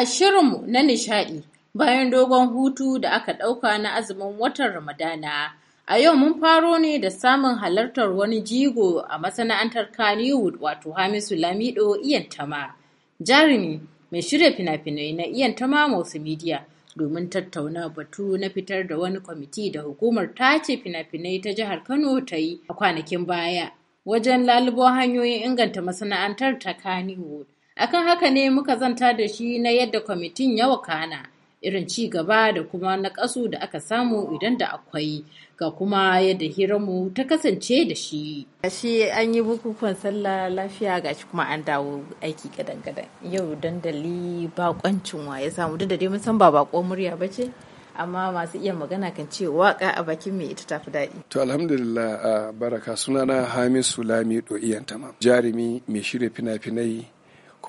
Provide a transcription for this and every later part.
A shirinmu na nishaɗi bayan dogon hutu da aka ɗauka na azumin watan Ramadana, a yau mun faro ne da samun halartar wani jigo a masana'antar Kannywood wato Hamisu Lamido Iyantama. Jarumi mai shirya fina-finai na Iyantama Media, domin tattauna batu na fitar da wani kwamiti da hukumar tace fina-finai ta jihar Kano ta yi a kwanakin baya wajen lalubo hanyoyin inganta masana'antar ta Kannywood. Akan haka ne muka zanta da shi na yadda kwamitin ya wakana irin ci gaba da kuma na ƙasu da aka samu idan da akwai ga kuma yadda hiranmu ta kasance da shi. Shi an yi bukukuwan sallah lafiya ga shi kuma an dawo aiki gadan-gadan. Yau dandali bakoncin wa ya samu da dai mun san ba bako murya ba ce. amma masu iya magana kan ce waka a bakin mai ita tafi daɗi. To alhamdulillah baraka sunana Hamisu Lami Do'iyan Tamam. Jarumi mai shirya fina-finai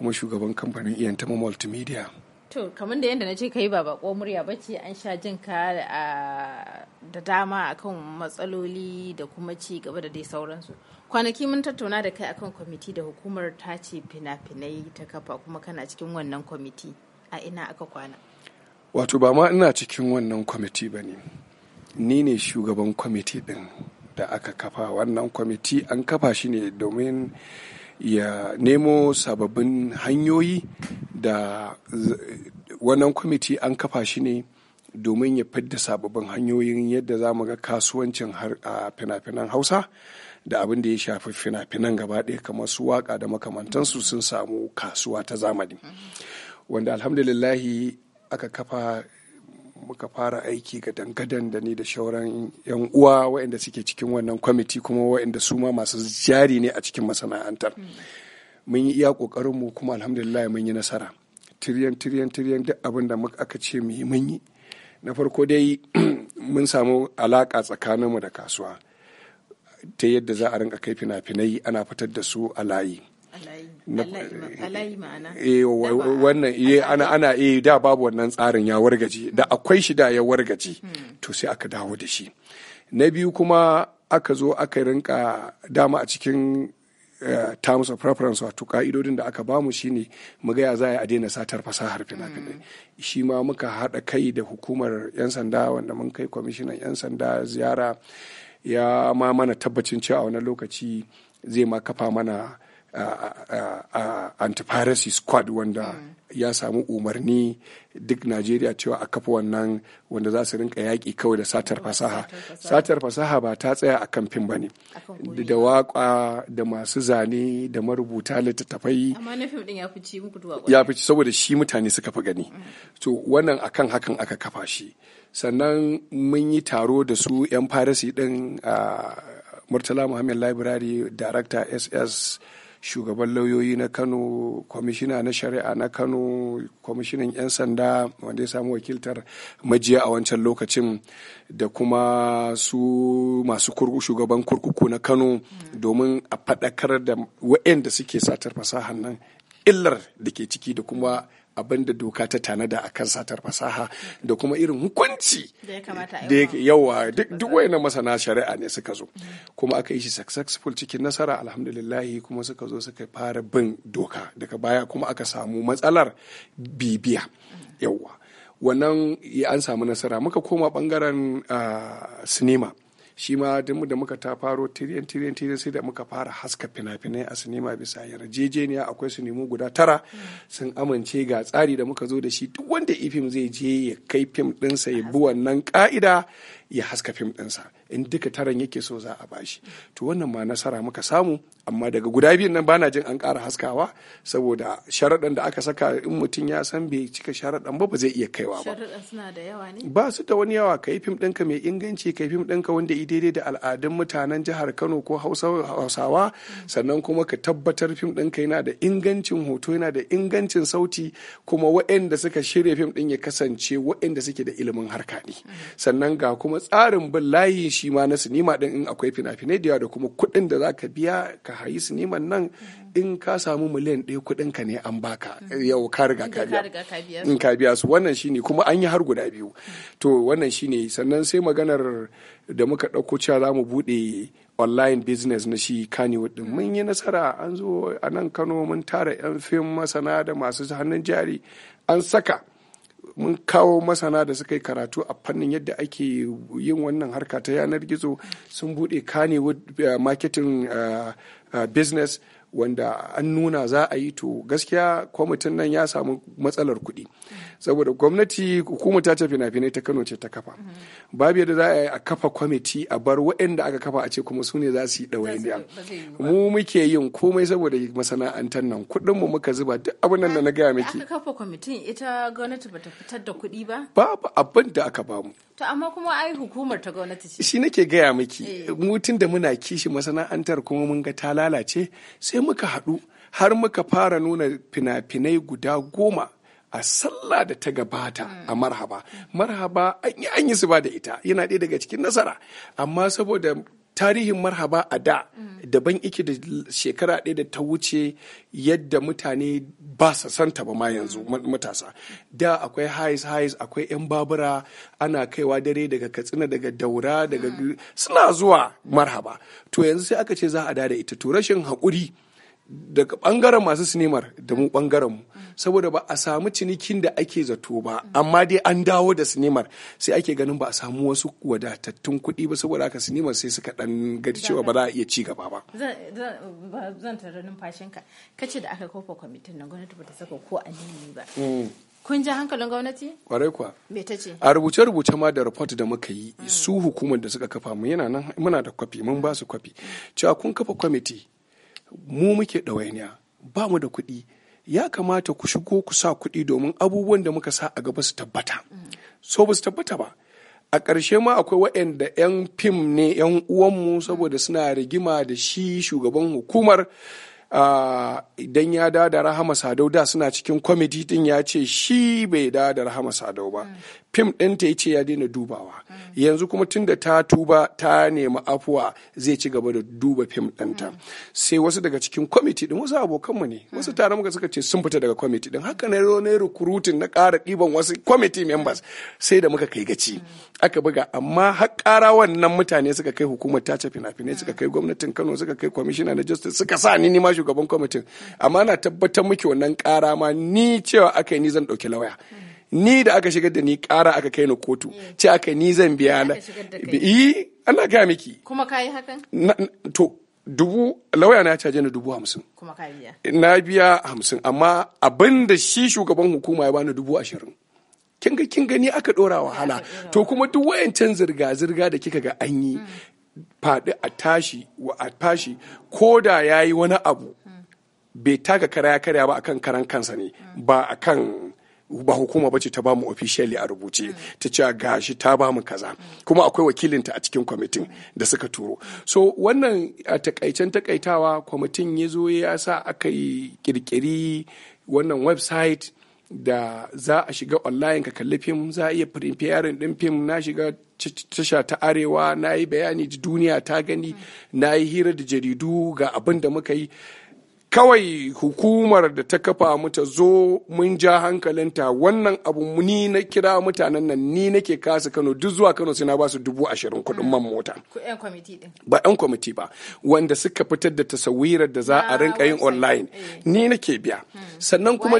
kuma shugaban kamfanin iyantama multimedia to kamar da yadda na ce kai ba bako murya ba ce an sha jin ka da dama akan matsaloli da kuma ci gaba da dai sauransu kwanaki mun tattauna da kai akan kwamiti da hukumar ta ce fina-finai ta kafa kuma kana cikin wannan kwamiti a ina aka kwana wato ba ma ina cikin wannan kwamiti ba ne ni ne shugaban kwamiti din da aka kafa wannan kwamiti an kafa shi ne domin ya nemo sababbin hanyoyi da wannan kwamiti an kafa shi ne domin ya fidda sababbin hanyoyin yadda za mu ga kasuwancin a fina-finan hausa da abin da ya shafi fina-finan gaba ɗaya kamar su waka da makamantansu sun samu kasuwa ta zamani mm-hmm. wanda alhamdulillahi aka kafa muka fara aiki ga dangadan da ni da shauran yan uwa waɗanda suke cikin wannan kwamiti kuma waɗanda su ma masu jari ne a cikin masana'antar mun yi iya mu kuma alhamdulillah mun yi nasara tiriyan tiriyan tiriyan duk abin da aka ce mu yi mun yi na farko dai mun samu alaƙa mu da kasuwa ta yadda za a rinka kai fina-finai ana fitar da su a layi Eh, eh, eh, wannan ana ana da babu wannan tsarin ya wargaje da akwai shi da ya wargaje hmm. to sai aka dawo da shi na biyu kuma aka zo aka rinka dama a cikin terms of preference wato ka'idodin da aka bamu shine mu ga za a daina satar fasahar fina-finai hmm. shi ma muka haɗa kai da hukumar 'yan sanda wanda mun kai kwamishinan 'yan sanda ziyara ya ma mana tabbacin cewa wani lokaci zai ma kafa mana piracy squad wanda ya samu umarni duk najeriya cewa a kafa wannan wanda za su rinka yaƙi kawai da satar fasaha satar fasaha ba ta tsaya a kan fim ba ne da waƙa da masu zane da marubuta littattafai ya fi saboda shi mutane suka fi gani to wannan akan hakan aka kafa shi sannan mun yi taro da su 'yan farasi din a murtala muhammad library director ss shugaban lauyoyi na kano kwamishina na shari'a na kano kwamishinan 'yan sanda wanda ya samu wakiltar majiya a wancan lokacin da kuma su masu shugaban kurkuku na kano domin a faɗakar da waɗanda suke satar fasahar nan illar da ke ciki da kuma abin da doka ta tanada a kan satar fasaha da kuma irin hukunci da yawa duk na masana shari'a ne suka zo kuma aka yi shi successful cikin nasara alhamdulillahi kuma suka zo suka fara bin doka daga baya kuma aka samu matsalar bibiya yawa wannan an samu nasara muka koma bangaren ah, sinima shi ma da muka ta faro tiriyan tiriyan tiriyan sai da muka fara haska fina-finai a sinima bisa yarjejeniya akwai sinimu guda tara sun amince ga tsari da muka zo da shi duk wanda ifim zai je ya kai fim ɗinsa ya bi wannan ka'ida ya haska fim ɗinsa in duka taran yake so za a bashi to wannan ma nasara muka samu amma daga guda biyun nan bana jin an ƙara haskawa saboda sharaɗan da aka saka in mutum ya san bai cika sharaɗan ba ba zai iya kaiwa ba ba su da wani yawa kai fim ɗinka mai inganci kai fim ɗinka wanda i daidai da al'adun mutanen jihar Kano ko Hausawa sannan kuma ka tabbatar fim ɗinka yana da ingancin hoto yana da ingancin sauti kuma waɗanda suka shirya fim ɗin ya kasance waɗanda suke da ilimin harka ne mm. sannan ga kuma tsarin bin layi shi ma na sinima din in akwai fina-finai da da kuma kuɗin da za ka biya ka hayi siniman nan in ka samu miliyan ɗaya kuɗin ka ne an baka yau ka riga ka biya in ka biya su wannan shine kuma an yi har guda biyu to wannan shine sannan sai maganar da muka ɗauko cewa za mu buɗe online business na shi Kannywood din mun yi nasara an zo a nan Kano mun tara 'yan fim masana da masu hannun jari an saka mun kawo masana da suka yi karatu a fannin yadda ake yin wannan harka ta yanar gizo sun buɗe kane eh, marketing eh, eh, business wanda an nuna za a yi to gaskiya kwamitin nan ya samu matsalar kuɗi saboda gwamnati hukumar ta fina-finai ta kano ce ta kafa babu yadda za a yi a kafa kwamiti a bar waɗanda aka kafa a ce kuma su ne za su yi ɗawainiya mu muke yin komai saboda masana'antar nan kuɗin mu muka zuba duk abin nan da na gaya miki ita gwamnati bata fitar da kuɗi ba babu abin da aka bamu To amma kuma ai hukumar ta gwamnati ce. Shi nake gaya miki, eh. mutun da muna kishi masana'antar kuma mun ga ta lalace, sai muka haɗu har muka fara nuna fina-finai guda goma a sallah da ta gabata a marhaba. Marhaba an yi su ba da ita, yana ɗaya daga cikin nasara. Amma saboda tarihin marhaba a da mm. daban ike da shekara ɗaya da ta wuce yadda mutane ba su santa ba ma yanzu matasa da akwai hais hais akwai yan babura ana kaiwa dare daga katsina daga daura daga mm. suna zuwa marhaba to yanzu sai aka ce za a da ita to rashin haƙuri daga bangaren masu sinimar da mu ɓangaren mu saboda ba a samu cinikin da ake zato ba amma dai an dawo da sinimar sai ake ganin ba a samu wasu wadatattun kuɗi ba saboda haka sinimar sai suka dan gadi cewa ba za a iya ci gaba ba zan tara numfashinka kace da aka kofa kwamitin na gwamnati ba ta saka ko anini ba mm. Kun ji hankalin gwamnati? Kwarai kuwa. Me ta ce? A rubuce-rubuce ma da report da muka yi su hukumar da suka kafa mu yana nan muna da kwafi mun ba su kwafi. Cewa kun kafa kwamiti mu muke ɗawainiya ba mu da kuɗi ya kamata ku shigo ku sa kuɗi domin abubuwan da muka sa a gaba su tabbata so ba su tabbata ba a ƙarshe ma akwai waɗanda 'yan fim ne 'yan uwanmu saboda suna rigima da shi shugaban hukumar ah, idan ya da da rahama sadau da suna cikin kwamiti din ya ce shi bai da da rahama sadau ba fim ɗinta ya ce ya daina dubawa yanzu kuma tun da ta tuba ta nemi afuwa zai ci gaba da duba fim ɗinta sai wasu daga cikin kwamiti ɗin wasu abokanmu ne wasu tare muka suka ce sun fita daga kwamiti ɗin haka na zo na na ƙara ɗiban wasu kwamiti members sai da muka kai gaci aka buga amma har ƙara wannan mutane suka kai hukumar tace fina-finai suka kai gwamnatin Kano suka kai kwamishina na justice suka sa ni ma shugaban kwamitin amma na tabbatar miki wannan ƙara ma ni cewa aka yi ni zan ɗauki lauya. ni da aka shigar da ni kara aka kai ni kotu mm. ce aka ni zan biya na yi eh, Allah ga miki kuma kai hakan to dubu lauya na caje ni dubu hamsin kuma ka biya na biya hamsin amma abinda shi shugaban hukuma ya bani dubu ashirin kin ga kin gani aka dora wahala to kuma duk wayancan zirga zirga da kika ga an yi mm. faɗi a tashi wa a tashi ko da yayi wani abu mm. bai taka kara ya karya ba akan karan kansa ne ba akan ba hukuma bace ta bamu officially a rubuce ta ce gashi ta bamu kaza kuma akwai wakilinta a cikin kwamitin da suka turo so wannan a takaicen takaitawa kwamitin ya zo ya sa aka yi kirkiri wannan website da za a shiga online ka kalli fim za a iya firin din fim na shiga tasha ta arewa na yi bayani duniya ta gani na yi hira da jaridu ga abin da muka yi kawai hukumar da ta kafa mu ta zo mun ja hankalinta wannan abu ni na kira mutanen nan ni nake kasa kano duk zuwa kano sai na ba su dubu ashirin kuɗin man mota ba yan kwamiti ba wanda suka fitar da tasawirar da za a ah, rinka yin online eh. ni nake biya hmm. sannan kuma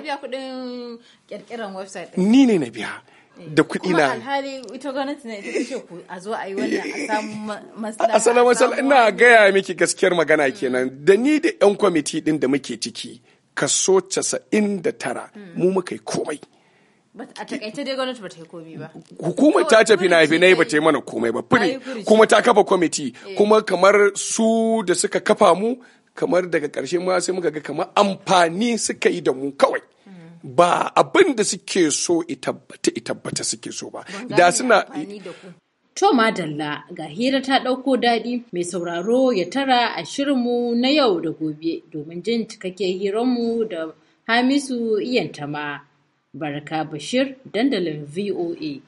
ni ne na biya da kuɗi na alhali ita gwamnati ne ita ce ku a zo a yi wannan a samu maslaha ina gaya miki gaskiyar magana kenan da ni da yan kwamiti din da muke ciki kaso tara hmm. mu muka yi komai a takaice dai gwamnati ba ta yi komai ba hukumar ta tafi na yi ba ta yi mana komai ba fure kuma ta kafa kwamiti eh. kuma kamar su da suka kafa mu kamar daga ƙarshe ma sai muka ga kamar amfani suka yi da mu kawai ba abin da suke so ita tabbata suke so ba da suna To Madalla ga hira ta ɗauko daɗi mai sauraro ya tara a shirinmu na yau da gobe domin jin cikakke hiranmu da Hamisu Iyantama. Barka Bashir dandalin VOA.